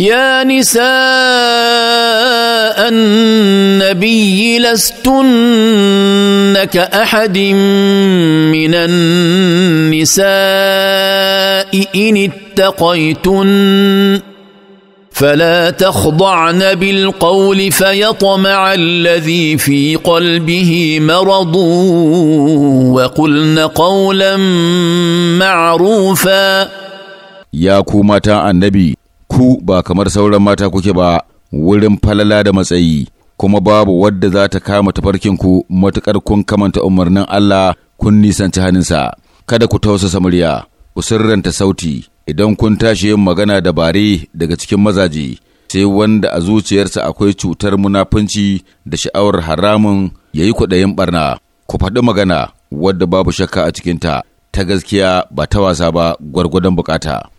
يا نساء النبي لستن كأحد من النساء إن اتقيتن فلا تخضعن بالقول فيطمع الذي في قلبه مرض وقلن قولا معروفا يا كومتا النبي ku ba kamar sauran mata kuke ba wurin falala da matsayi, kuma babu wadda za ta kama tafarkinku matuƙar kun kamanta umarnin Allah kun nisanci haninsa. Kada ku tausasa murya, ku sirranta sauti, idan kun tashi yin magana da bare daga cikin mazaje, sai wanda a zuciyarsa akwai cutar munafunci da sha'awar haramun ya yi kwaɗayin barna Ku faɗi magana wadda babu shakka a cikinta, ta gaskiya ba ta wasa ba gwargwadon bukata.